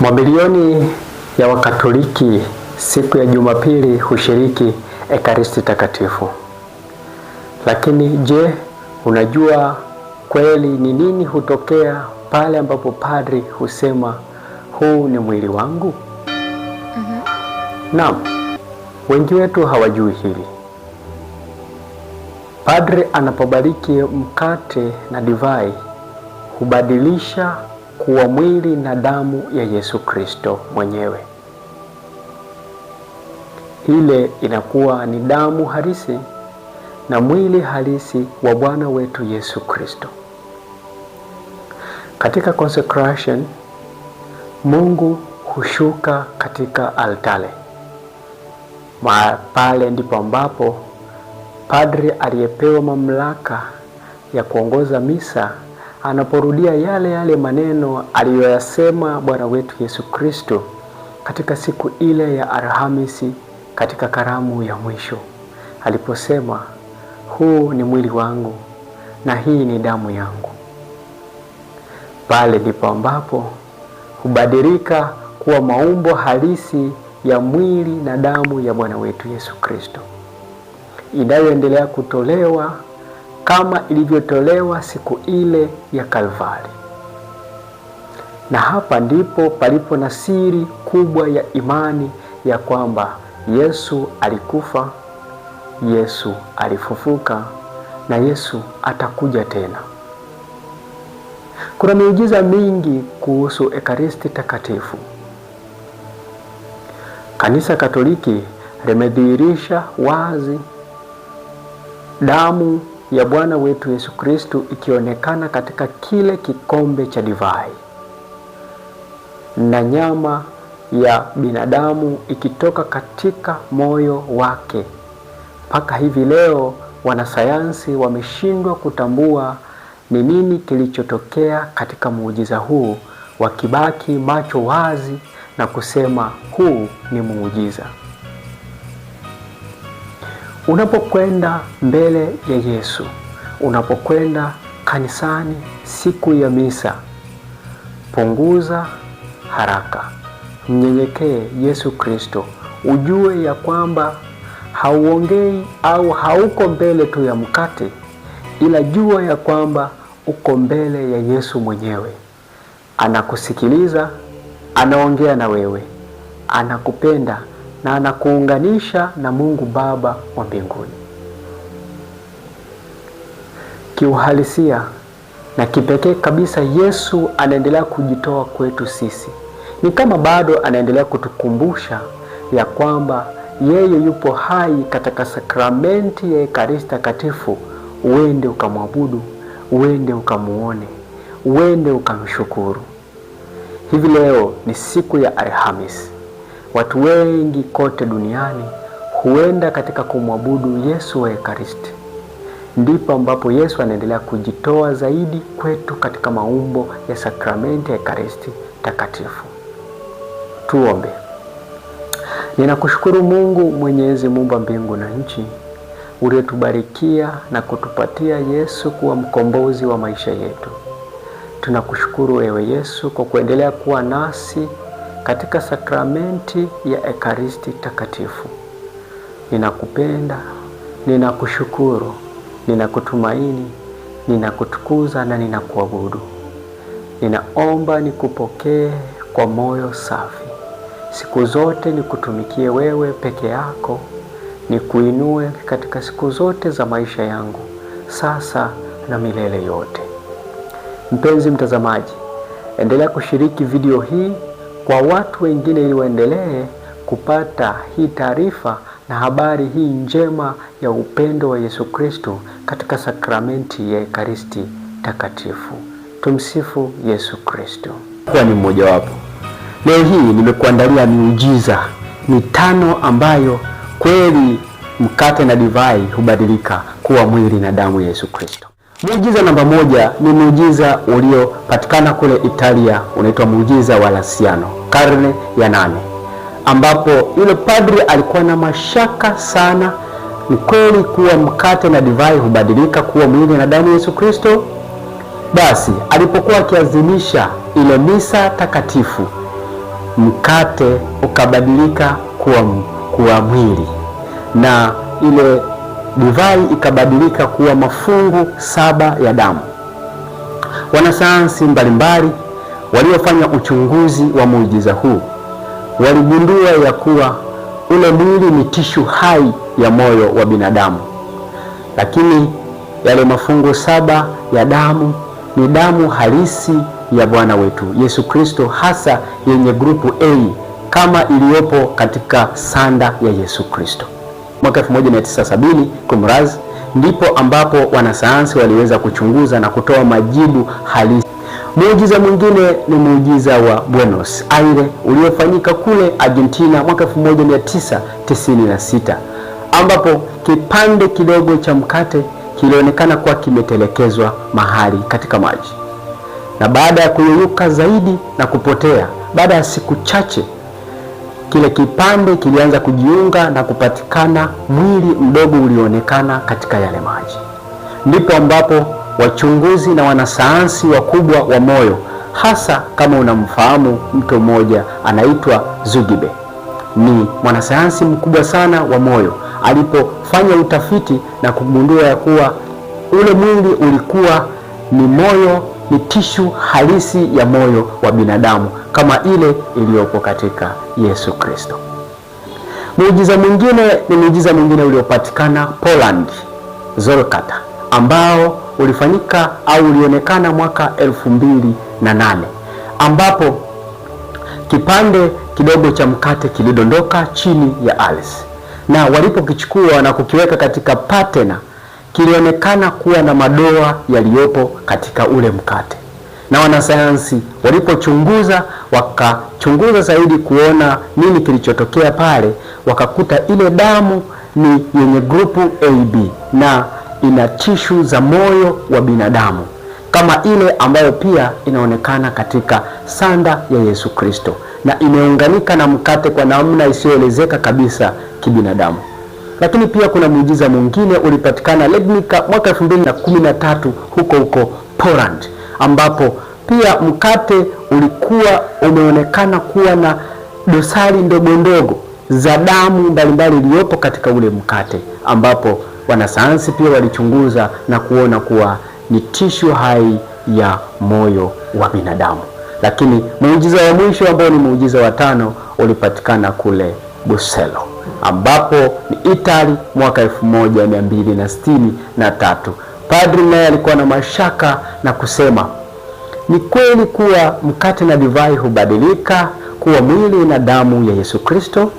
Mabilioni ya Wakatoliki siku ya Jumapili hushiriki Ekaristi Takatifu. Lakini je, unajua kweli ni nini hutokea pale ambapo padri husema huu ni mwili wangu? mm -hmm. Naam, wengi wetu hawajui hili. Padri anapobariki mkate na divai hubadilisha kuwa mwili na damu ya Yesu Kristo mwenyewe. Ile inakuwa ni damu halisi na mwili halisi wa Bwana wetu Yesu Kristo. Katika consecration, Mungu hushuka katika altare. Pale ndipo ambapo padri aliyepewa mamlaka ya kuongoza misa anaporudia yale yale maneno aliyoyasema Bwana wetu Yesu Kristo katika siku ile ya Alhamisi katika karamu ya mwisho aliposema, huu ni mwili wangu na hii ni damu yangu. Pale ndipo ambapo hubadilika kuwa maumbo halisi ya mwili na damu ya Bwana wetu Yesu Kristo inayoendelea kutolewa kama ilivyotolewa siku ile ya Kalvari. Na hapa ndipo palipo na siri kubwa ya imani ya kwamba Yesu alikufa, Yesu alifufuka na Yesu atakuja tena. Kuna miujiza mingi kuhusu Ekaristi Takatifu. Kanisa Katoliki limedhihirisha wazi damu ya Bwana wetu Yesu Kristu ikionekana katika kile kikombe cha divai na nyama ya binadamu ikitoka katika moyo wake. Mpaka hivi leo wanasayansi wameshindwa kutambua ni nini kilichotokea katika muujiza huu, wakibaki macho wazi na kusema huu ni muujiza. Unapokwenda mbele ya Yesu, unapokwenda kanisani siku ya misa, punguza haraka, mnyenyekee Yesu Kristo. Ujue ya kwamba hauongei au hauko mbele tu ya mkate, ila jua ya kwamba uko mbele ya Yesu mwenyewe. Anakusikiliza, anaongea na wewe, anakupenda na anakuunganisha na Mungu Baba wa mbinguni. Kiuhalisia na kipekee kabisa, Yesu anaendelea kujitoa kwetu sisi. Ni kama bado anaendelea kutukumbusha ya kwamba yeye yupo hai katika sakramenti ya Ekaristi Takatifu. Uende ukamwabudu, uende ukamuone, uende ukamshukuru. Hivi leo ni siku ya Alhamisi. Watu wengi kote duniani huenda katika kumwabudu Yesu wa Ekaristi. Ndipo ambapo Yesu anaendelea kujitoa zaidi kwetu katika maumbo ya sakramenti ya Ekaristi takatifu. Tuombe. Ninakushukuru Mungu Mwenyezi, muumba mbingu na nchi, uliyetubarikia na kutupatia Yesu kuwa mkombozi wa maisha yetu. Tunakushukuru wewe Yesu kwa kuendelea kuwa nasi katika sakramenti ya Ekaristi Takatifu. Ninakupenda, ninakushukuru, ninakutumaini, ninakutukuza na ninakuabudu. Ninaomba nikupokee kwa moyo safi, siku zote nikutumikie wewe peke yako, nikuinue katika siku zote za maisha yangu, sasa na milele yote. Mpenzi mtazamaji, endelea kushiriki video hii kwa watu wengine, ili waendelee kupata hii taarifa na habari hii njema ya upendo wa Yesu Kristo katika sakramenti ya Ekaristi Takatifu. Tumsifu Yesu Kristo. Kwa ni mmojawapo. Leo hii nimekuandalia miujiza mitano ambayo kweli mkate na divai hubadilika kuwa mwili na damu ya Yesu Kristo. Muujiza namba moja ni muujiza uliopatikana kule Italia, unaitwa muujiza wa Lasiano karne ya nane, ambapo yule padri alikuwa na mashaka sana, ni kweli kuwa mkate na divai hubadilika kuwa mwili na damu ya Yesu Kristo? Basi alipokuwa akiazimisha ile misa takatifu, mkate ukabadilika kuwa, kuwa mwili na ile divai ikabadilika kuwa mafungu saba ya damu. Wanasayansi mbalimbali waliofanya uchunguzi wa muujiza huu waligundua ya kuwa ule mwili ni tishu hai ya moyo wa binadamu, lakini yale mafungu saba ya damu ni damu halisi ya Bwana wetu Yesu Kristo, hasa yenye grupu A kama iliyopo katika sanda ya Yesu Kristo mwaka 1970 kumraz, ndipo ambapo wanasayansi waliweza kuchunguza na kutoa majibu halisi. Muujiza mwingine ni muujiza wa Buenos Aires uliofanyika kule Argentina mwaka 1996 ambapo kipande kidogo cha mkate kilionekana kuwa kimetelekezwa mahali katika maji, na baada ya kuyeyuka zaidi na kupotea, baada ya siku chache kile kipande kilianza kujiunga na kupatikana mwili mdogo ulioonekana katika yale maji. Ndipo ambapo wachunguzi na wanasayansi wakubwa wa moyo, hasa kama unamfahamu mtu mmoja anaitwa Zugibe, ni mwanasayansi mkubwa sana wa moyo, alipofanya utafiti na kugundua ya kuwa ule mwili ulikuwa ni moyo ni tishu halisi ya moyo wa binadamu kama ile iliyopo katika Yesu Kristo. Muujiza mwingine ni muujiza mwingine uliopatikana Poland, Zolkata, ambao ulifanyika au ulionekana mwaka elfu mbili na nane ambapo kipande kidogo cha mkate kilidondoka chini ya Alice na walipokichukua na kukiweka katika patena kilionekana kuwa na madoa yaliyopo katika ule mkate, na wanasayansi walipochunguza, wakachunguza zaidi kuona nini kilichotokea pale, wakakuta ile damu ni yenye grupu AB na ina tishu za moyo wa binadamu kama ile ambayo pia inaonekana katika sanda ya Yesu Kristo na imeunganika na mkate kwa namna isiyoelezeka kabisa kibinadamu. Lakini pia kuna muujiza mwingine ulipatikana Legnica mwaka 2013 huko huko Poland, ambapo pia mkate ulikuwa umeonekana kuwa na dosari ndogo ndogo za damu mbalimbali iliyopo katika ule mkate, ambapo wanasayansi pia walichunguza na kuona kuwa ni tishu hai ya moyo wa binadamu. Lakini muujiza wa mwisho ambao ni muujiza wa tano ulipatikana kule Buselo ambapo ni Itali mwaka 1263 na tatu. Padri naye alikuwa na mashaka na kusema, ni kweli kuwa mkate na divai hubadilika kuwa mwili na damu ya Yesu Kristo?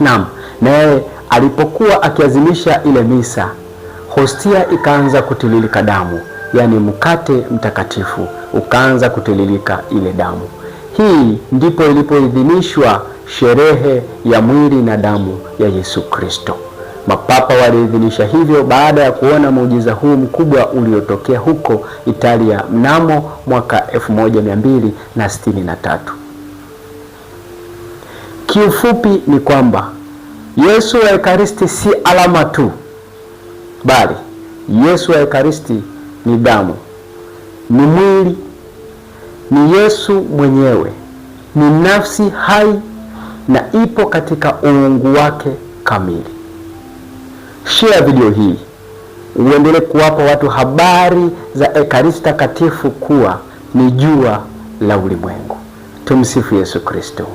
Naam, naye alipokuwa akiazimisha ile misa, hostia ikaanza kutililika damu, yaani mkate mtakatifu ukaanza kutililika ile damu. Hii ndipo ilipoidhinishwa sherehe ya mwili na damu ya Yesu Kristo. Mapapa waliidhinisha hivyo baada ya kuona muujiza huu mkubwa uliotokea huko Italia mnamo mwaka 1263. Kiufupi ni kwamba Yesu wa Ekaristi si alama tu, bali Yesu wa Ekaristi ni damu, ni mwili, ni Yesu mwenyewe, ni nafsi hai na ipo katika uungu wake kamili. Share video hii uendelee kuwapa watu habari za Ekaristi Takatifu kuwa ni jua la ulimwengu. Tumsifu Yesu Kristo.